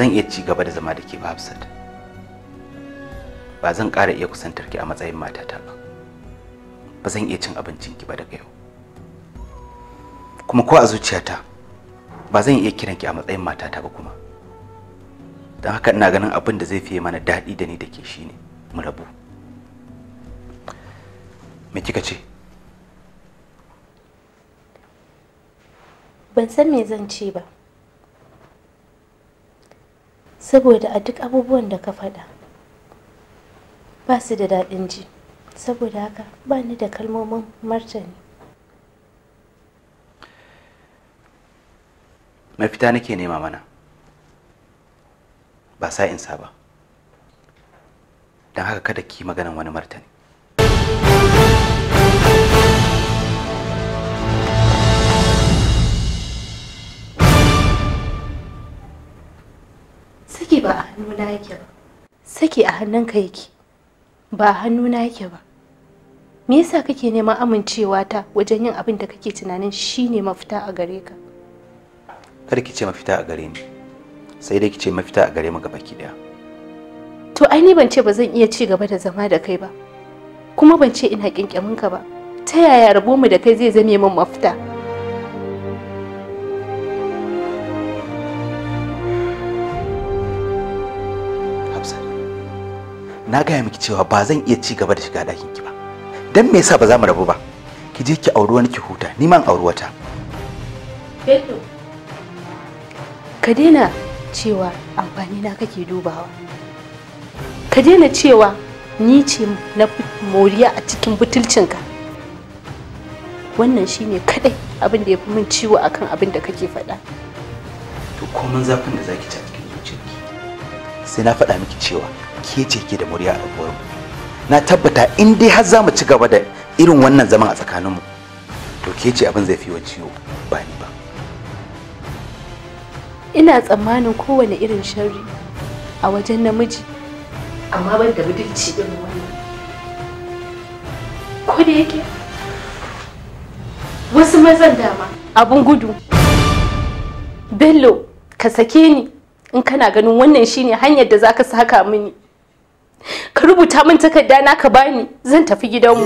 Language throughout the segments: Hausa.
zan iya ci gaba da zama da ke ba Hafsat. Ba zan ƙara iya kusantar ki a matsayin matata ba. Ba zan iya cin abincin ki ba daga yau. Kuma ko a zuciyata ba zan iya kiran ki a matsayin matata ba kuma. Don haka ina ganin abin da zai fiye mana daɗi da ni da ke ne mu rabu. Me kika ce? Ban san me zan ce ba. saboda a duk abubuwan da ka faɗa ba su da daɗin ji saboda haka ba ni da kalmomin martani mafita nake nema mana ba insa ba don haka kada ki maganan wani martani hannuna yake ba saki a hannunka yake ba a hannuna yake ba me yasa kake neman amincewa ta wajen yin abin da kake tunanin shine mafita a gare ka Kar ki ce mafita a gare ni sai dai ki ce mafita a gare mu gabaki daya to ai ni ban ce ba zan iya ci gaba da zama da kai ba kuma ban ce ina kinkimin ba ta yaya rabo mu da kai zai zame min mafita na gaya miki cewa ba zan iya ci gaba da shiga dakin ki ba dan me yasa ba za mu rabu ba ki je ki auri wani ki huta ni man auri wata Bello ka daina cewa amfani na kake dubawa ka daina cewa ni ce na moriya a cikin butulcinka wannan shine kadai abin da ya fi min ciwo akan abin da kake faɗa to komin zafin da zaki ci a cikin zuciyarki sai na faɗa miki cewa ke ce ke da murya a rabuwar na tabbata in dai har za mu ci gaba da irin wannan zaman a tsakaninmu to ke ce abin zai fi wa ciwo ba ni ba ina tsammanin kowane irin sharri a wajen namiji amma ban da budurci irin wannan ko da yake wasu mazan dama abun gudu bello ka sake ni in kana ganin wannan shine hanyar da zaka saka mini ka rubuta min takarda na ka bani zan tafi gidanmu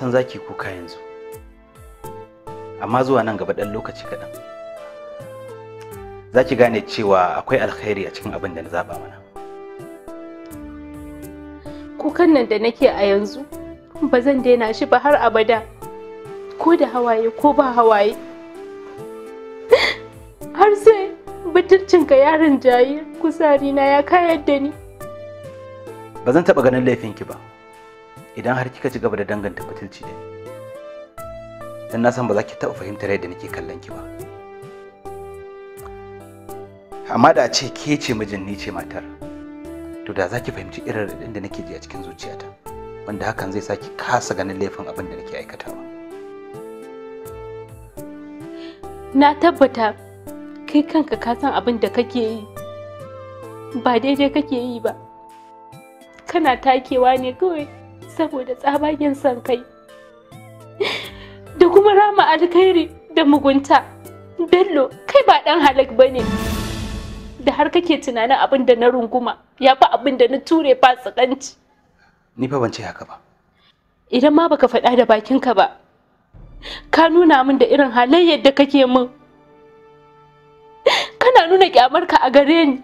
san zaki kuka yanzu amma zuwa nan gaba ɗan lokaci kaɗan za ki gane cewa akwai alkhairi a cikin abin da na zaɓa mana kukan nan da nake a yanzu ba zan daina shi ba har abada ko da hawaye ko ba hawaye har sai ka yaron jayi kusarina ya kayar da ni ba zan taɓa ganin laifinki ba idan har kika ci gaba da danganta mutunci da ni dan na san ba za ki taɓa fahimtar yadda nake kallon ki ba amma da a ce ke ce mijin ni ce matar to da za ki fahimci irin raɗin da nake ji a cikin zuciyata wanda hakan zai sa ki kasa ganin laifin abin da nake aikatawa na tabbata kai kanka ka san abin da kake yi ba daidai kake yi ba kana takewa ne kawai saboda tsabagen son kai da kuma rama alkhairi da mugunta bello kai ba dan halak ba ne da har kake tunanin abin da na runguma ya fi abin da na ture fasikanci ni fa ban ce haka ba idan ma baka faɗa da bakinka ba ka nuna min da irin halayyar da kake min kana nuna kyamarka a gare ni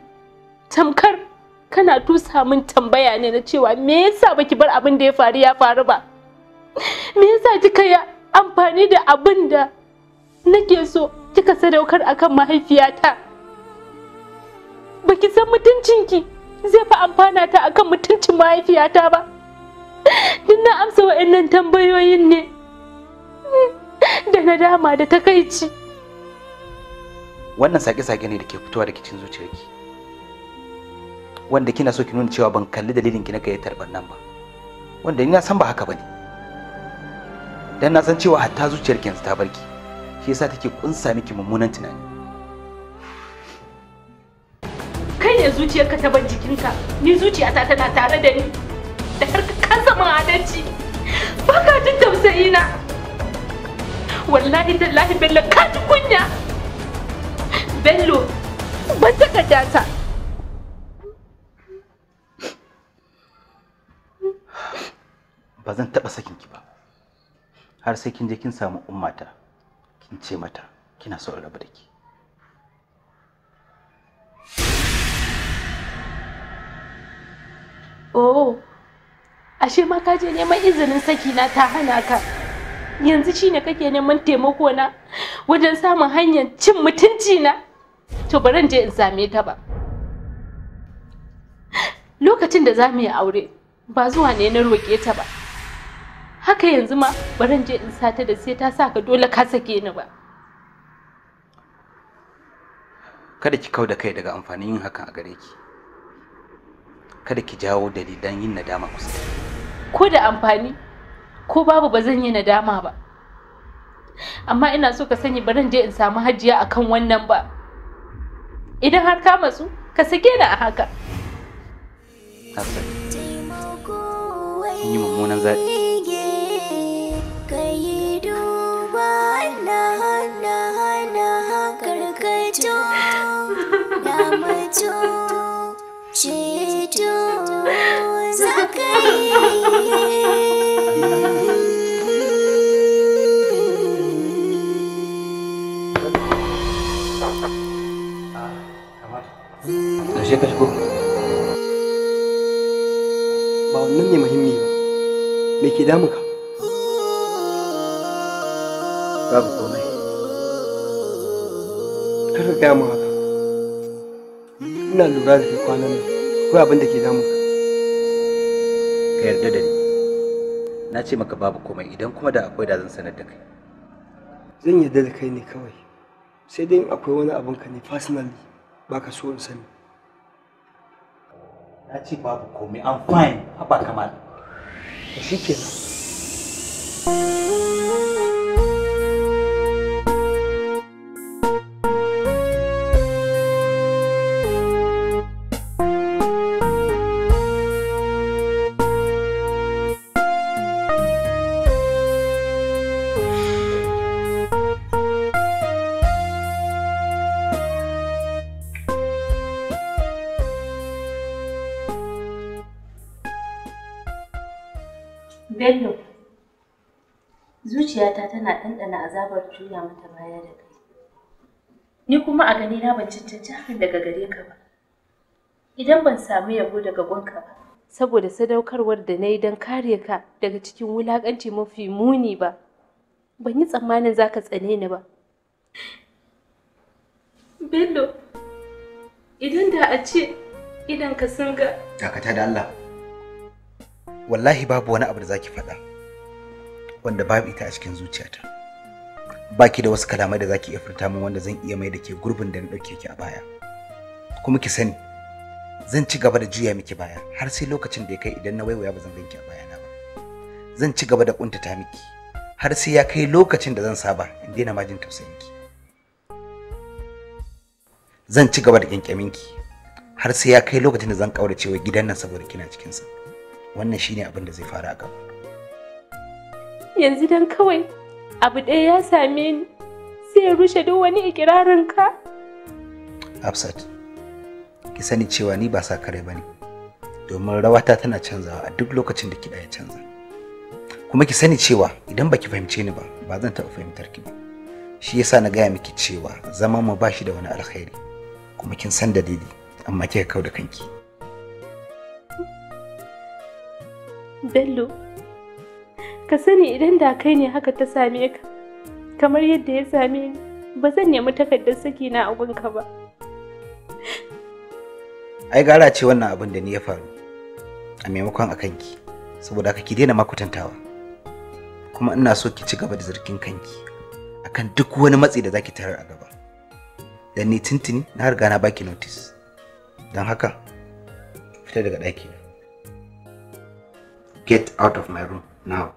tamkar kana tusa min tambaya ne na cewa me yasa baki bar abin da ya faru ya faru ba me yasa kika yi amfani da abin da nake so kika sadaukar akan mahaifiyata baki san mutuncinki zai fi amfana ta akan mutuncin mahaifiyata ba duk na amsa wa'annan tambayoyin ne da nadama da takaici wannan sake-sake ne da ke fitowa daga cikin zuciyarki wanda kina so ki nuna cewa ban kalli dalilin ki na gayyatar nan ba wanda ina san ba haka bane dan na san cewa hatta zuciyar ki ta barki shi yasa take kunsa miki mummunan tunani kai ne zuciyarka ta ban jikinka ni zuciyata tana tare da ni da har ka zama adalci ba ka jin tausayi na wallahi tallahi bello ka ji kunya bello ban taka ta. ba zan taɓa sakin ki ba har sai kin je kin samu ummata kin ce mata kina so rabu da ki oh ashe ma ka je neman izinin saki na ta hana ka yanzu shine kake neman taimako na wajen samun hanyar cin mutunci na to bari je in same ta ba lokacin da za mu yi aure ba zuwa ne na roƙe ta ba haka yanzu ma baran je in sata da sai ta saka dole ka sake ni ba kada ki kau da kai daga amfanin yin hakan a gare ki kada ki jawo dalilan yin nadama kusa ko da amfani ko babu ba zan yi nadama ba amma ina so ka sani baran je in samu hajiya akan wannan ba idan har ka matsu ka sake ni a haka Hassan, kin yi mummunan zaɓi. ceto ceto za Ba wannan ne muhimmi ba. Me ke damu ka? Babu komai. Kar mu haka. ina lura da kai kwanan nan ko abin da ke damu ka yarda da ni na ce maka babu komai idan kuma da akwai da zan sanar da kai zan yarda da kai ne kawai sai dai akwai wani abin ka ne personally ba ka so in sani na ce babu komai i'm fine haba kamar shi kenan azabar juya mata baya da kai ni kuma a gani na ban cancanci hakan daga gare ka ba idan ban samu yabo daga gonka ba saboda sadaukarwar da na yi don kare ka daga cikin wulaƙanci mafi muni ba ban yi tsammanin za ka tsane ni ba bello idan da a ce idan ka sun ga dakata da allah wallahi babu wani abu da za ki faɗa wanda babu ita a cikin zuciyata baki da wasu kalamai da zaki iya furta min wanda zan iya mai da ke gurbin da na dauke ki a baya kuma ki sani zan ci gaba da juya miki baya har sai lokacin da ya kai idan na waiwaya ba zan ganki a baya na ba zan ci gaba da kuntata miki har sai ya kai lokacin da zan saba in daina ma jin tausayinki zan ci gaba da kyankyaminki har sai ya kai lokacin da zan kaurace wa gidan nan saboda kina cikin sa wannan shine abin da zai fara a gaba yanzu dan kawai abu ɗaya ya same ni sai ya rushe duk wani ikirarin ka Hafsat ki sani cewa ni ba sa kare ne, domin rawata tana canzawa a duk lokacin da kiɗa ya canza kuma ki sani cewa idan baki fahimce ni ba ba zan taɓa fahimtar ki ba shi yasa na gaya miki cewa zaman mu ba shi da wani alkhairi kuma kin san dalili amma kika kau da kanki Bello ka sani idan da kai ne haka ta same ka kamar yadda ya same ni ba zan nemi takardar saki na a ka ba ai gara ce wannan abin da ni ya faru a maimakon a kanki saboda ka ki daina makutantawa kuma ina so ki ci gaba da zargin kanki akan duk wani matsi da zaki tarar a gaba dan ni tuntuni na riga na baki notice don haka fita daga ɗaki get out of my room now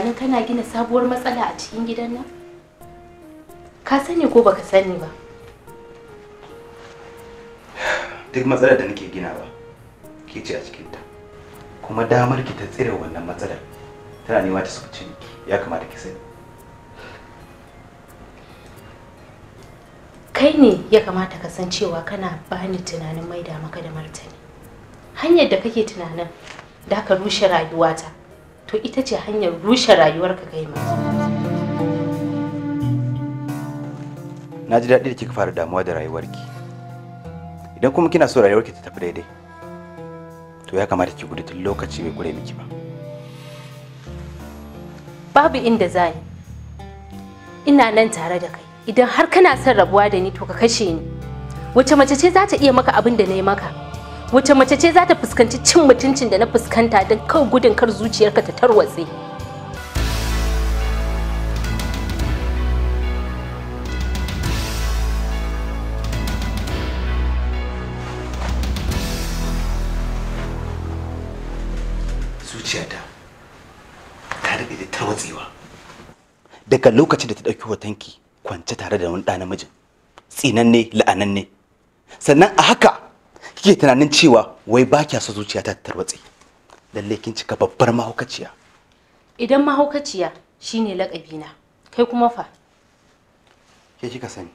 tunanin kana gina sabuwar matsala a cikin gidan nan? Ka sani ko baka sani ba? Duk matsalar da nake ba, ke ce a cikinta. Kuma damar ki ta tsire wannan matsalar tana nema ta sukuci miki ya kamata ki sani. Kai ne ya kamata ka san cewa kana bani tunanin maida maka da martani. Hanyar da kake tunanin da ka rushe rayuwata. to ita ce hanyar rushe rayuwarka kai ma na ji daɗi da kika fara damuwa da rayuwarki idan kuma kina so rayuwarki ta tafi daidai to ya kamata ki gudu tun lokaci bai gure miki ba babu inda za ina nan tare da kai idan har kana son rabuwa da ni to ka kashe ni wace mace ce za ta iya maka abin da na yi maka wace mace ce za ta fuskanci cin mutuncin da na fuskanta don kawai gudun kar zuciyarka ta tarwatse zuciyata ta daɗe da tarwatsewa daga lokacin da ta ɗauki hotonki kwance tare da wani ɗa namijin tsinanne la'ananne sannan a haka kike tunanin cewa wai ba kya so zuciya ta tarwatse lalle kin cika babbar mahaukaciya idan mahaukaciya shine lakabi na kai kuma fa ke kika sani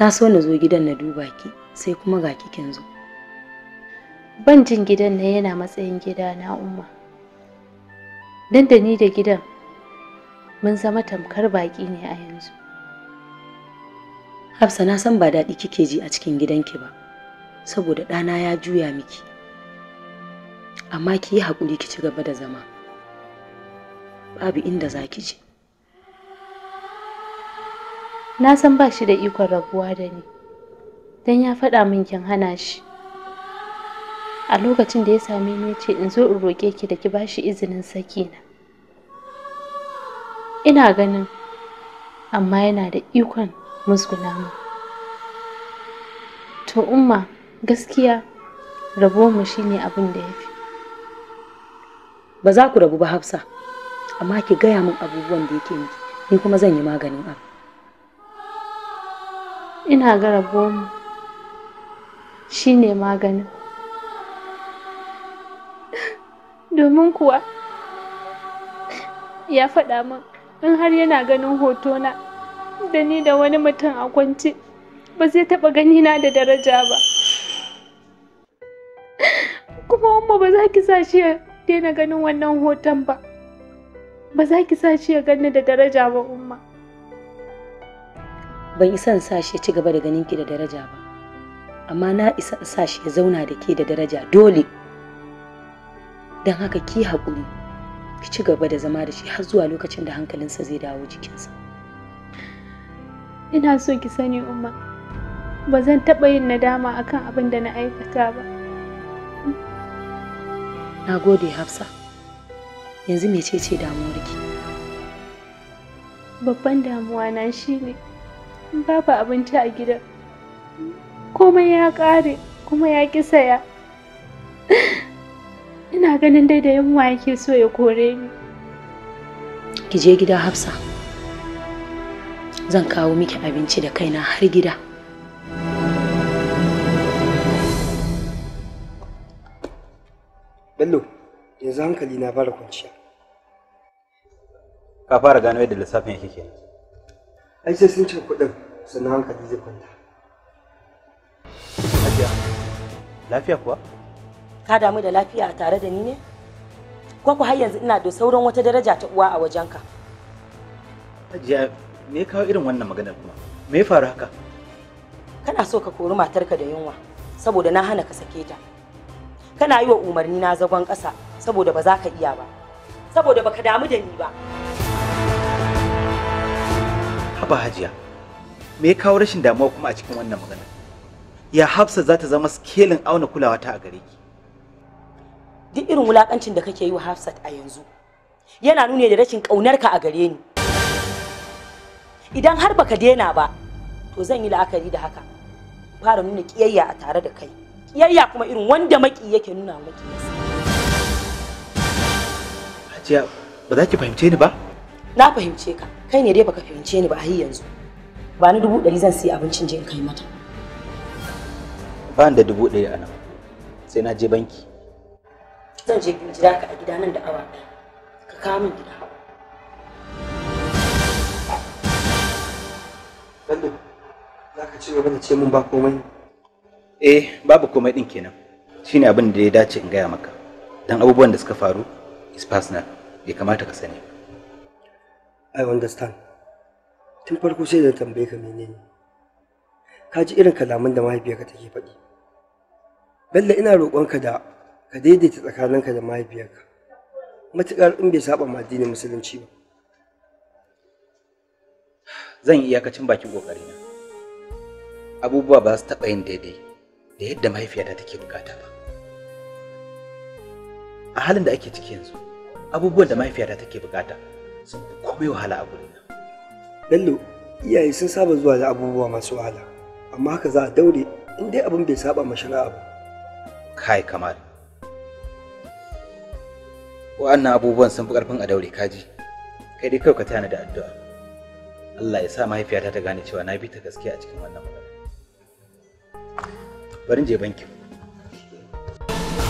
Na so na zo gidan na duba ki sai kuma ga kikin zo. Ban jin gidan na yana matsayin gida na umma. Dan da ni da gidan mun zama tamkar baƙi ne a yanzu. Hafsa na san ba daɗi kike ji a cikin gidanki ba, saboda ɗana ya juya miki. Amma ki yi haƙuri ki ci gaba da zama. Babu inda za ki je. na san ba shi da ikon rabuwa da ni don ya faɗa min kin hana shi a lokacin da ya same ni ce in zo in roƙe ki da ki ba shi izinin na. ina ganin amma yana da ikon musguna mu to umma gaskiya mu shine abin da ya fi ba za ku rabu ba hafsa amma ki gaya min abubuwan da yake ni kuma zan yi maganin abu ina ga mu shi ne maganin domin kuwa ya faɗa min in har yana ganin hotona da ni da wani mutum a kwance ba zai taɓa na da daraja ba kuma umma ba za ki sa shi ya daina ganin wannan hoton ba ba za ki sa shi ya gani da daraja ba umma ban isa sa shi ya ci gaba da ganin ki da daraja ba amma na isa sa shi ya zauna da ke da daraja dole don haka ki haƙuri ki ci gaba da zama da shi har zuwa lokacin da hankalinsa zai dawo jikinsa ina so ki sani umma ba zan taɓa yin nadama akan abin da na aikata ba na gode hafsa yanzu mecece damuwarki babban damuwa na shine ne babu abinci a gida komai ya ƙare kuma ya ƙi saya ina ganin dai da yamma yake so ya kore ni ki je gida hafsa zan kawo miki abinci da kaina har gida bello yanzu hankali na fara kwanciya ka fara gano yadda lissafin yake kenan ai sai sun cika kuɗin sannan hankali zai kwanta lafiya lafiya kuwa ka damu da lafiya tare da ni ne ko ku har yanzu ina da sauran wata daraja ta uwa a wajenka Hajiya me kawo irin wannan maganar kuma me ya faru haka kana so ka kori matarka da yunwa saboda na hana ka sake ta kana yi wa umarni na zagon ƙasa saboda ba za ka iya ba saboda baka damu da ni ba Baba hajiya me ya kawo rashin damuwa kuma a cikin wannan magana ya hafsa za ta zama skelin auna kulawa ta a gare ki duk irin wulakancin da kake yi wa hafsat a yanzu yana nuni da rashin ƙaunarka a gare ni idan har baka daina ba to zan yi la'akari da haka fara nuna kiyayya a tare da kai kiyayya kuma irin wanda maki yake nuna maki. hajiya ba za ki fahimce ni ba na fahimce ka kai ne dai baka fahimce ni ba a yanzu ba ni dubu ɗari zan siya abincin je in kai mata ba da dubu ɗari a nan sai na je banki zan je jira ka a gida nan da awa ɗaya ka kawo min gida Bello, za ka ci gaba da ce mun ba komai? Eh, babu komai ɗin kenan. Shine abin da ya dace in gaya maka. Dan abubuwan da suka faru is personal, bai kamata ka sani. I understand. Tun farko sai da tambaye ka menene. Ka ji irin kalaman da mahaifiyarka take faɗi. Bello ina roƙonka da ka daidaita tsakaninka da mahaifiyarka. Matuƙar in bai saba ma addinin musulunci ba. Zan yi iyakacin bakin ƙoƙarina. Abubuwa ba su taɓa yin daidai da yadda mahaifiyata take bukata ba. A halin da ake ciki yanzu, abubuwan da mahaifiyata take bukata sun komai wahala a gurin nan lallo iyaye sun saba zuwa da abubuwa masu wahala amma haka za a daure in dai abin bai saba ma shari'a ba kai kamar wa'annan abubuwan sun fi ƙarfin a daure kaji kai dai kawai ka tana da addu'a Allah ya sa mahaifiyata ta gane cewa na bi ta gaskiya a cikin wannan magana bari je banki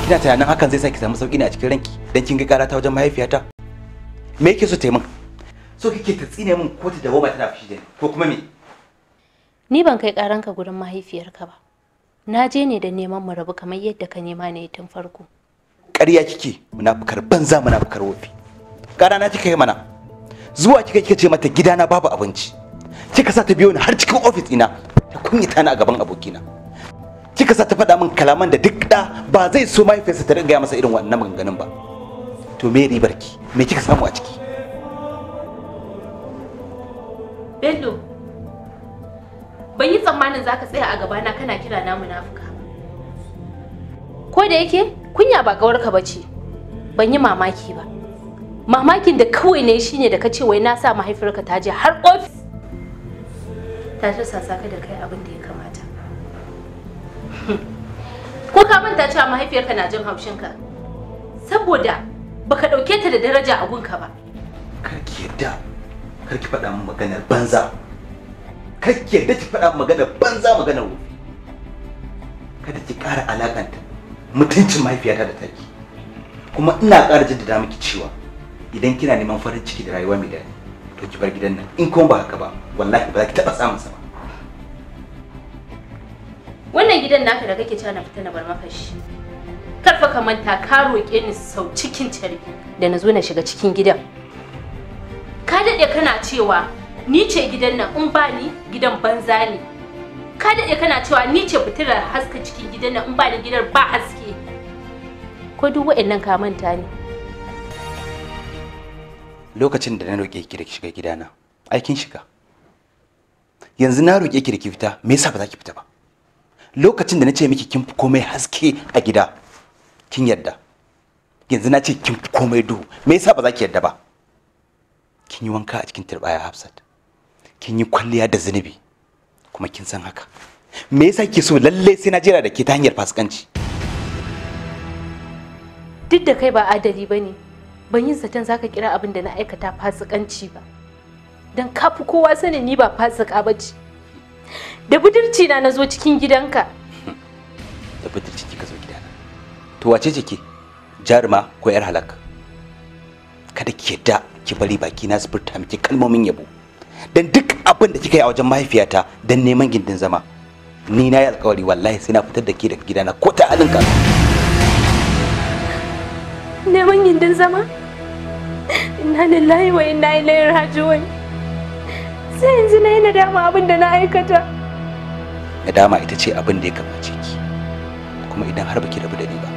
kina tunanin hakan zai sa ki samu sauki ne a cikin ranki dan kin ga karata wajen mahaifiyata me yake so ta yi min so kike ta tsine min ko ta dawo ba tana fushi da ni ko kuma me ni ban kai karanka gurin mahaifiyarka ba na je ne da neman mu rabu kamar yadda ka nema ne tun farko ƙarya kike munafukar banza munafukar wofi ƙara na kika yi mana zuwa kika kika ce mata gidana babu abinci kika sa ta biyo ni har cikin ofis ina ta kunyata ni a gaban abokina kika sa ta faɗa min kalaman da duk da ba zai so mahaifiyarsa ta riga masa irin wannan maganganun ba to me ribarki me kika samu a ciki bello ban yi tsammanin zaka tsaya a gabana kana kira na munafuka ko da yake kunya ba ka bace ban yi mamaki ba mamakin da kawai ne shine da kace wai na sa mahaifiyarka ta je har ofis ta ta sasaka da kai abin da ya kamata ko ka manta cewa mahaifiyarka na jin haushinka saboda baka ɗauke ta da daraja a gunka ba. Karki yadda, karki faɗa min maganar banza. Karki yadda ki faɗa min maganar banza maganar wofi. Kada ki ƙara alakanta mutuncin mahaifiyata da taki. Kuma ina ƙara jaddada miki cewa idan kina neman farin ciki da rayuwa mai daɗi to ki bar gidan nan in kuma ba haka ba wallahi ba za ki taɓa samun sa ba. Wannan gidan naka da kake tana na fita na bar maka shi. karfa ka manta ka roƙe ni sau cikin tarihi da na zo na shiga cikin gidan ka daɗe kana cewa ni ce gidan nan in ba ni gidan banza ne ka daɗe kana cewa ni ce fitilar haska cikin gidan nan in ba ni gidan ba haske ko duk waɗannan ka manta ne lokacin da na roƙe ki da shiga gidana aikin shiga yanzu na roƙe ki da ki fita me yasa ba za ki fita ba lokacin da na ce miki kin fi komai haske a gida kin yadda yanzu na ce kin komai duhu me yasa ba za ki yadda ba kin yi wanka a cikin turbaya hafsat kin yi kwalliya da zunubi kuma kin san haka me yasa ke so lalle sai na da ke ta hanyar fasikanci duk da kai ba adali ba ban yin zaton zaka kira abin da na aikata fasikanci ba don ka kowa sanin ni ba fasika ba ce da budurci na na cikin gidanka da budurci to wace ce jaruma ko yar halak kada ki yadda ki bari baki na furta miki kalmomin yabo dan duk abin da kika yi a wajen mahaifiyata dan neman gindin zama ni na yi alkawari wallahi sai na fitar da ke daga gidana ko ta alinka neman gindin zama inna lillahi wa inna ilaihi raji'un sai yanzu na yi nadama abin da na aikata nadama ita ce abin da ya kamace ki kuma idan har baki rabu da ni ba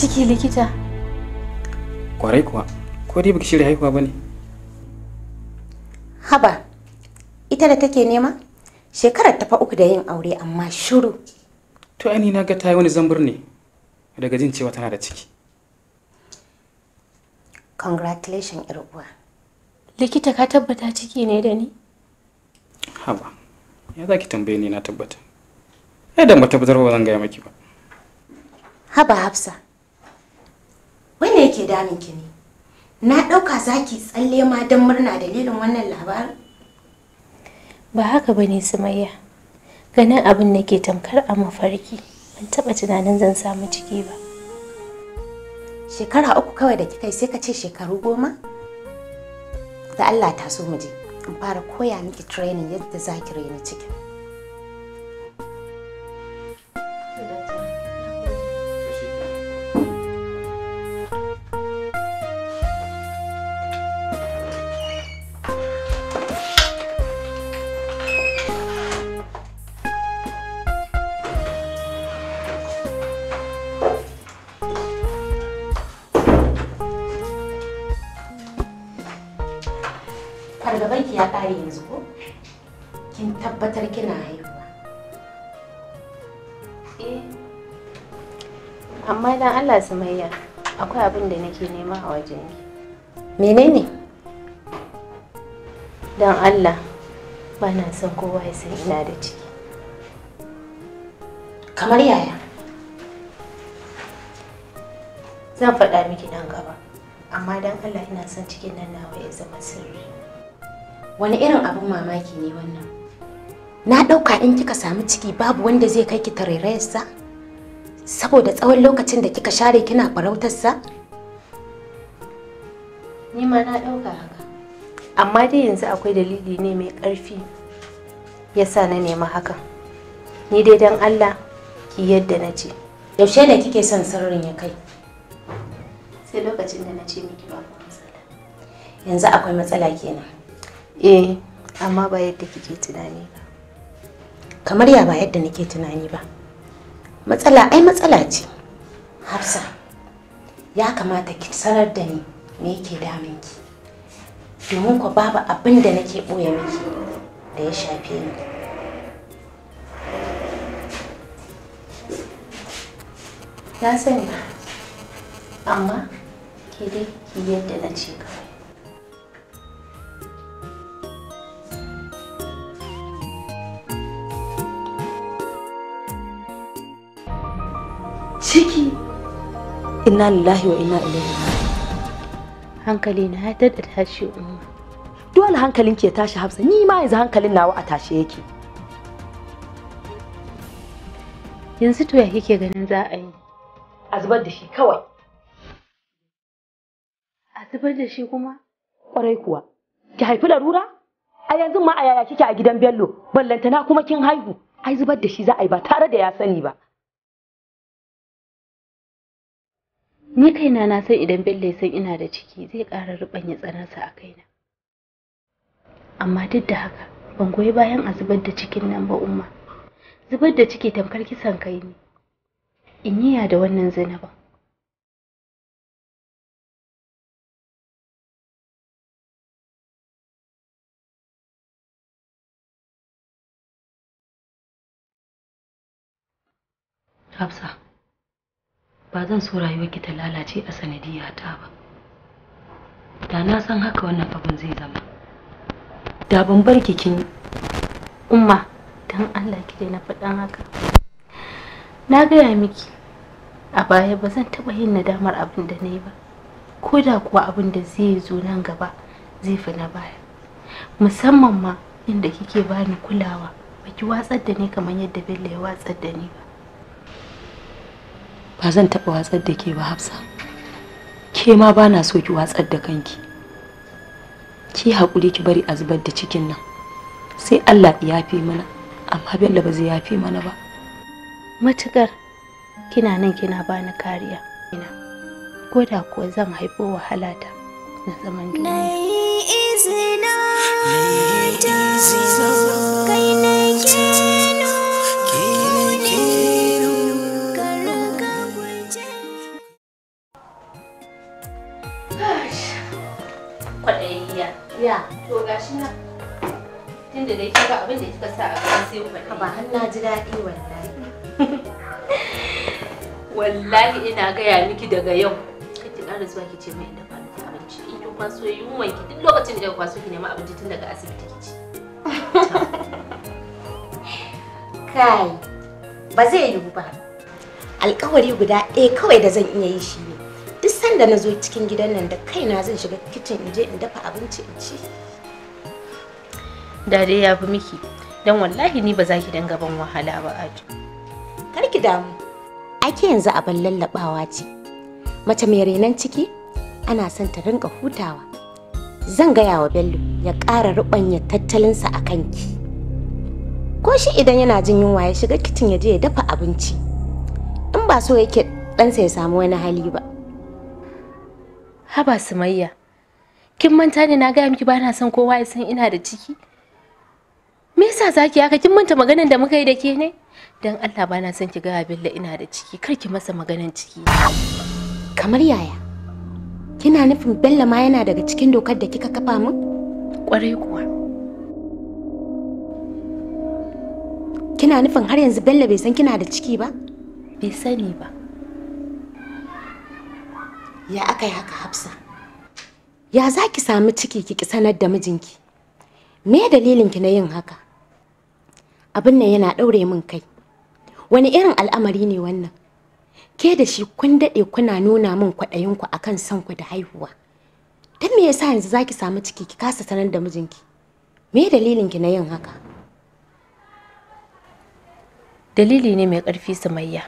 ciki likita kwarai kuwa ko dai baki shirya haihuwa bane haba ita da take nema shekarar ta fa uku da yin aure amma shiru to ani na ga tayi wani zambur ne daga jin cewa tana da ciki congratulations ir uwa likita ka tabbata ciki ne da ni haba ya zaki tambaye ni na tabbata ai dan ba tabbatar ba zan gaya maki ba haba hafsa wai me yake damun ki ne na ɗauka za ki tsalle ma don murna dalilin wannan labarin ba haka ba ne sumayya ganin abin nake tamkar a mafarki ban taɓa tunanin zan samu ciki ba shekara uku kawai da kika sai ka ce shekaru goma da allah ta so mu je in fara koya miki training yadda za ki raina cikin ya ƙare yanzu ko kin tabbatar kina haihuwa eh amma dan Allah sumayya akwai abin da nake nema a wajen ki menene dan Allah bana son kowa ya san ina da ciki kamar yaya zan faɗa miki nan gaba amma dan Allah ina son cikin nan nawa ya zama sirri wani irin abin mamaki ne wannan na ɗauka in kika samu ciki babu wanda zai kai ki tarairayarsa saboda tsawon lokacin da kika share kina farautarsa ni ma na ɗauka haka amma dai yanzu akwai dalili ne mai ƙarfi yasa na nema hakan ni dai don allah ki yadda na ce yaushe ne kike son sirrin ya kai sai lokacin da na ce miki babu matsala yanzu akwai matsala kenan eh amma ba yadda kike tunani ba kamar ya ba yadda nake tunani ba matsala ai matsala ce hafsa ya kamata ki sanar da ni me yake damun ki domin ku babu abin da nake ɓoye miki da ya shafe ni na sani amma ke dai ki yadda na ce ka inna lillahi wa inna ilaihi hankali na ya dada tashi umma dole hankalin ke tashi hafsa ni ma yanzu hankalin nawa a tashe yake yanzu to ya kike ganin za a yi a zubar da shi kawai a zubar da shi kuma kwarai kuwa ki haifi larura a yanzu ma a yaya kike a gidan bello ballantana kuma kin haihu ai zubar da shi za a yi ba tare da ya sani ba ni kaina na san idan bello ya san ina da ciki zai ƙara rubanya tsanarsa a kaina amma duk da haka ban goyi bayan a zubar da cikin nan ba umma zubar da ciki tamkar kisan kai ne in yi ya da wannan zinaba Hafsa. ba zan so rayuwarki ta lalace a sanadiyata ba da na san haka wannan abin zai zama da ban bar kin umma don allah ki na faɗan haka na gaya miki a baya ba zan taɓa yin nadamar abin da na yi ba ko da kuwa abin da zai zo nan gaba zai fi na baya musamman ma inda kike bani kulawa baki watsar da ni kamar yadda bello ya watsar da ni ba ba zan taɓa watsar da ke ba hafsa ke ma ba na so ki watsar da kanki ki hakuri ki bari a zubar da cikin nan sai allah ya fi mana amma bello ba zai ya fi mana ba matukar kina nan kina bani kariya ina ko da kuwa zan haifo wahalata na zaman duniya kwaɗayayya. Ya. To ga shi nan. da dai kika abin da kika sa a gaba sai kwaɗayi. Ba har na ji daɗi wallahi. Wallahi ina gaya miki daga yau. Kake ƙara zuwa ki ce mai inda ba miki abinci. In kin kwaso yunwan ki duk lokacin da kika kwaso ki nema abinci tun daga asibiti ki ci. Kai, ba zai yiwu ba. Alƙawari guda ɗaya kawai da zan iya yi shi san da na zo cikin gidan nan da kaina zan shiga kicin in je in dafa abinci in ci da dai ya fi miki don wallahi ni ba za ki danga ban wahala ba ajo kar ki damu ake yanzu abin lallabawa ce mace mai renon ciki ana son ta rinka hutawa zan gaya wa bello ya ƙara ruɓanya tattalinsa a kanki ko shi idan yana jin yunwa ya shiga kicin ya je ya dafa abinci in ba so yake ɗansa ya samu wani hali ba haba sumayya kin manta ne na gaya miki ba na son kowa ya san ina da ciki me yasa zaki haka kin manta maganan da muka yi da ke ne dan Allah ba na son ki ga Bella ina da ciki kar ki masa maganan ciki kamar yaya kina nufin Bella ma yana daga cikin dokar da kika kafa min kwarai kuwa kina nufin har yanzu Bella bai san kina da ciki ba bai sani ba Ya aka yi haka Hafsa? Ya za ki sami ciki ki sanar da mijinki? Me dalilinki na yin haka? Abin nan yana ɗaure min kai. Wani irin al'amari ne wannan? Ke da shi kun daɗe kuna nuna min kwaɗayinku a kan ku da haihuwa. Don me yasa yanzu za ki sami ciki ki kasa sanar da mijinki? Me dalilinki na yin haka? Dalili ne mai ƙarfi sumayya.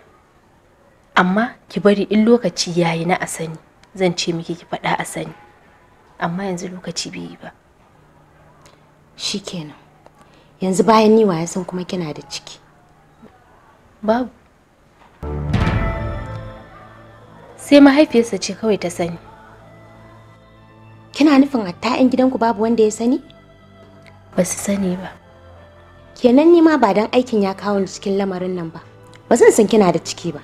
Amma ki bari in lokaci yayi na a sani. zan ce miki ki faɗa a sani amma yanzu lokaci bai yi ba shikenan yanzu bayan ni ya san kuma kina da ciki babu sai mahaifiyarsa ce kawai ta sani kina nufin a tayan gidanku babu wanda ya sani ba su sani ba kenan ni ma ba dan aikin ya kawo cikin lamarin nan ba ba zan san kina da ciki ba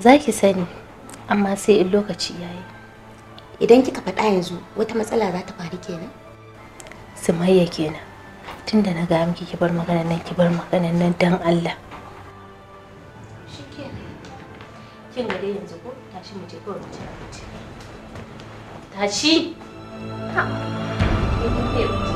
za ki sani amma sai in lokaci ya yi idan kika faɗa yanzu wata matsala za ta faru kenan sumayya kenan tunda na ga miki ki bar maganar nan ki bar maganar nan dan Allah kin ga dai yanzu ko tashi mu je kawai mu ci abinci tashi ha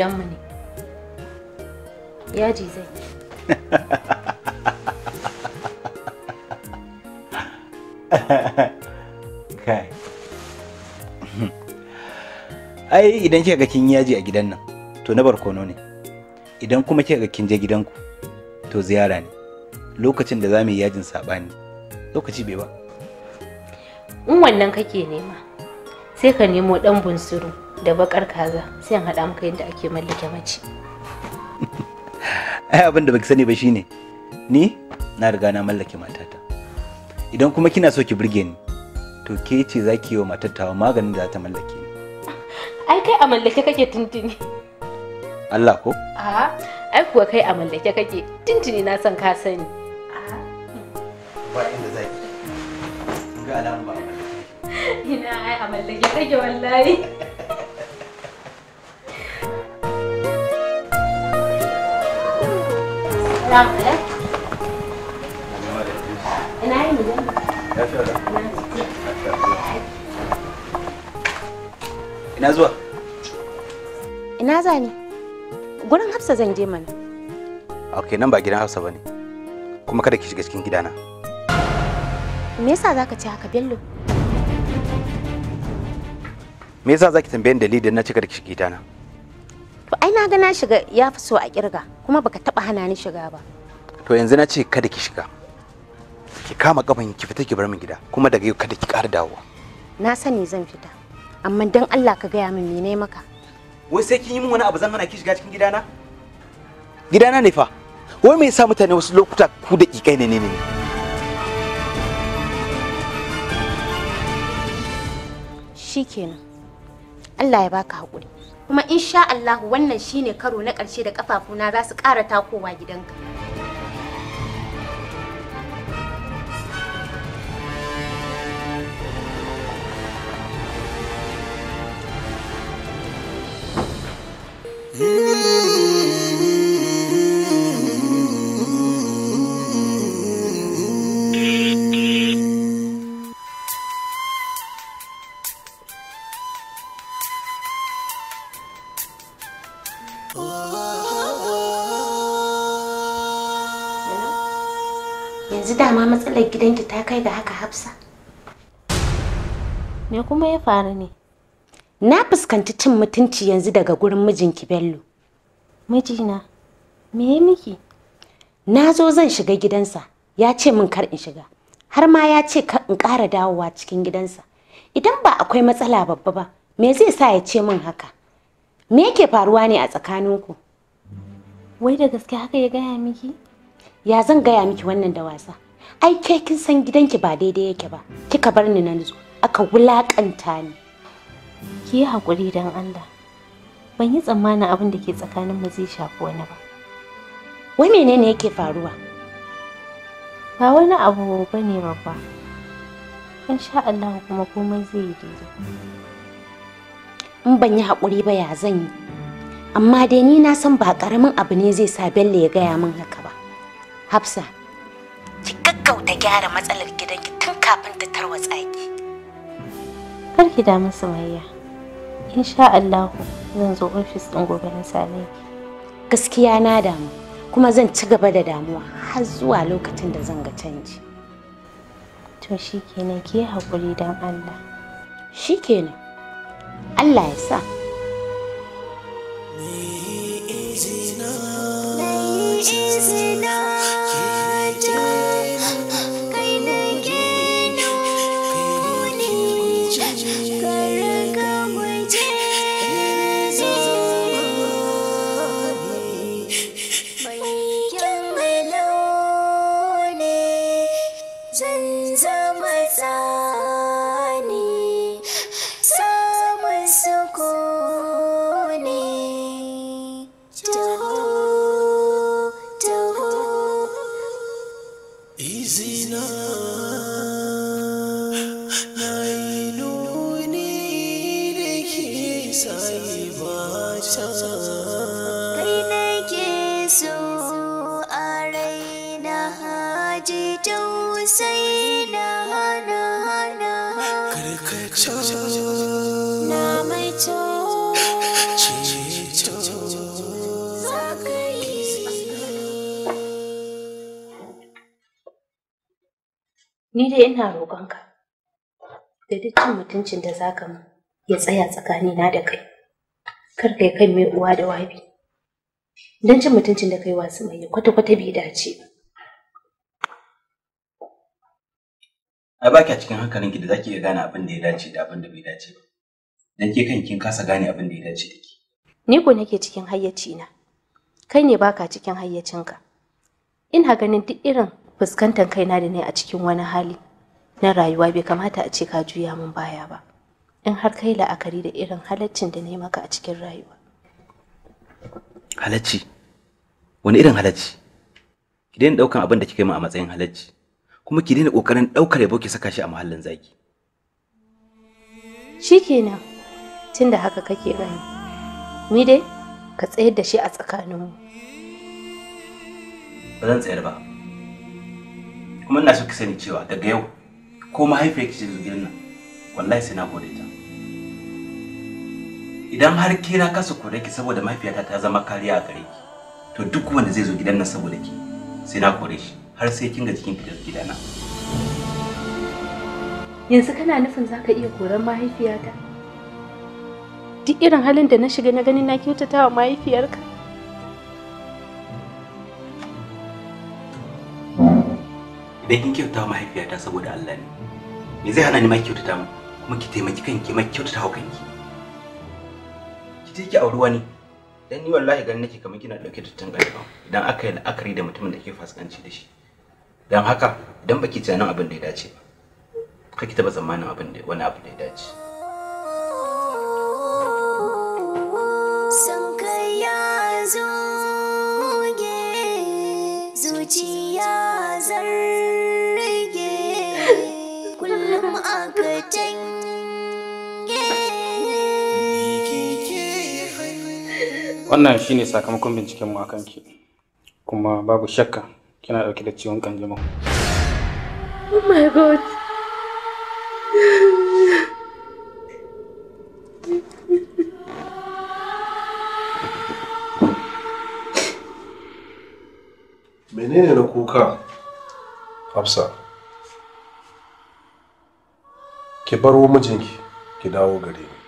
gidanmu ne yaji zai kai ai idan kika ga kin yaji a gidan nan to na barkono ne idan kuma kika ga kin je gidanku to ziyara ne lokacin da za mu yi yajin saɓani lokaci bai ba in wannan kake nema sai ka nemo ɗan bunsuru da bakar kaza sai an haɗa maka yadda ake mallake mace ai abin da baki sani ba shine ni na riga na mallake matata idan kuma kina so ki burge ni to ke ce za ki yi wa matattawa maganin da za ta mallake ni ai kai a mallake kake tuntuni Allah ko a ai kuwa kai a mallake kake tuntuni na san ka sani ba inda za ki ga alamun ba ina ai a mallake kake wallahi Ina zuwa? Ina za ni? Gurin Hafsa zan je mana. Ok, nan ba gidan Hafsa ba ne. Kuma kada ki shiga cikin gidana. Me yasa za ka ce haka Bello? Me yasa za ki tambaye ni dalilin na cika da ki shiga gidana? To ai na ga na shiga ya fi so a kirga. kuma baka taba hana ni shiga ba to yanzu na ce kada ki shiga ki kama kafan ki fita ki bar min gida kuma daga yau kada ki ƙara dawowa na sani zan fita amma dan Allah ka gaya min ne maka wai sai kin yi min wani abu zan hana ki shiga cikin gidana gidana ne fa wai me yasa mutane wasu lokuta ku da kikai ne ne ne shikenan Allah ya baka hakuri kuma insha Allah wannan shine karo na ƙarshe da kafafuna za su ƙara takowa gidanka. yanzu dama matsalar gidanki ta kai ga haka hafsa me kuma ya faru ne na fuskanci cin mutunci yanzu daga gurin mijinki bello mijina me ya miki na zo zan shiga gidansa ya ce min kar in shiga har ma ya ce in ƙara dawowa cikin gidansa idan ba akwai matsala babba ba me zai sa ya ce min haka me yake faruwa ne a tsakaninku wai da gaske haka ya gaya miki ya zan gaya miki wannan da wasa ai ke kin san gidanki ba daidai yake ba kika bar ni na zo aka wulakanta ni ki yi hakuri don Allah ban yi tsammanin abin da ke tsakanin mu zai shafi wani ba wai menene yake faruwa ba wani abu ba ne babba insha Allah kuma komai zai yi daidai in ban yi hakuri ba ya zan yi amma dai ni na san ba ƙaramin abu ne zai sa Bello ya gaya min haka Hafsa, ki gaggauta gyara matsalar gidanki tun kafin ta tarwatsa ki. Kar ki damu Sumayya. Insha Allah zan zo ofis ɗin gobe na same ki. Gaskiya na damu kuma zan ci gaba da damuwa har zuwa lokacin da zan ga canji. To shikenan ki hakuri dan Allah. Shikenan. Allah ya sa. is enough. so kai nake so a raina haji tausai na hana hana na mai to Ni dai ina roƙonka da duk cin mutuncin da zaka mu ya tsaya tsakanina da kai. kar kai kai mai uwa da wabi don cin mutuncin da kai wasu mai kwata-kwata bai dace ai baki a cikin hankalinki da zaki iya gane abin da ya dace da abin da bai dace ba dan ke kan kin kasa gane abin da ya dace da ke ni ko nake cikin hayyaci na kai ne baka cikin hayyacinka ina ganin duk irin fuskantar kaina da ne a cikin wani hali na rayuwa bai kamata a ce ka juya min baya ba in har kai la'akari da irin halaccin da na yi maka a cikin rayuwa. Halacci? Wani irin halacci? Ki daina ɗaukan abin da kika yi a matsayin halacci, kuma ki daina ƙoƙarin ɗaukar yabo ki saka shi a mahallin zaki. Shi kenan, tun da haka kake gani. Ni dai, ka tsayar da shi a tsakaninmu. Ba zan tsayar ba. Kuma ina so ki sani cewa daga yau, ko mahaifiyarki ce gidan nan, wallahi sai na kore ta idan har ke na kasa kore ki saboda mahaifiyata ta zama kariya a gare ki to duk wanda zai zo gidan nan saboda ki sai na kore shi har sai kin ga cikin fitar gidana yanzu kana nufin zaka iya koran mahaifiyata duk irin halin da na shiga na gani na kyautata wa mahaifiyarka idan kin kyautata wa mahaifiyata saboda Allah ne me zai hana ni ma kyautata mata kuma ki taimaki kanki mai kyautata wa kanki ki je ki auri wani dan ni wallahi ganin nake kamar kina dauke da tangan idan aka yi la'akari da mutumin da ke fasikanci da shi dan haka idan baki tunanin abin da ya dace ka ki taba tsammanin abin da wani abu da ya dace san zuciya wannan shine sakamakon bincikenmu a kanki kuma babu shakka kina dauke da ciwon kanjamau oh my god menene na kuka hafsa ki baro mijinki ki dawo gare ni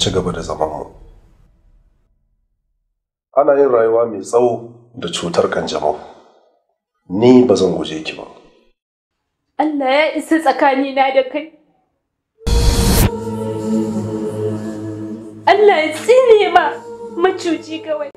ci gaba da zaman mu. Ana yin rayuwa mai tsawo da cutar kanjamau. Ni ba zan guje ki ba. Allah ya isa tsakani na da kai. Allah ya tsine ma macuci kawai.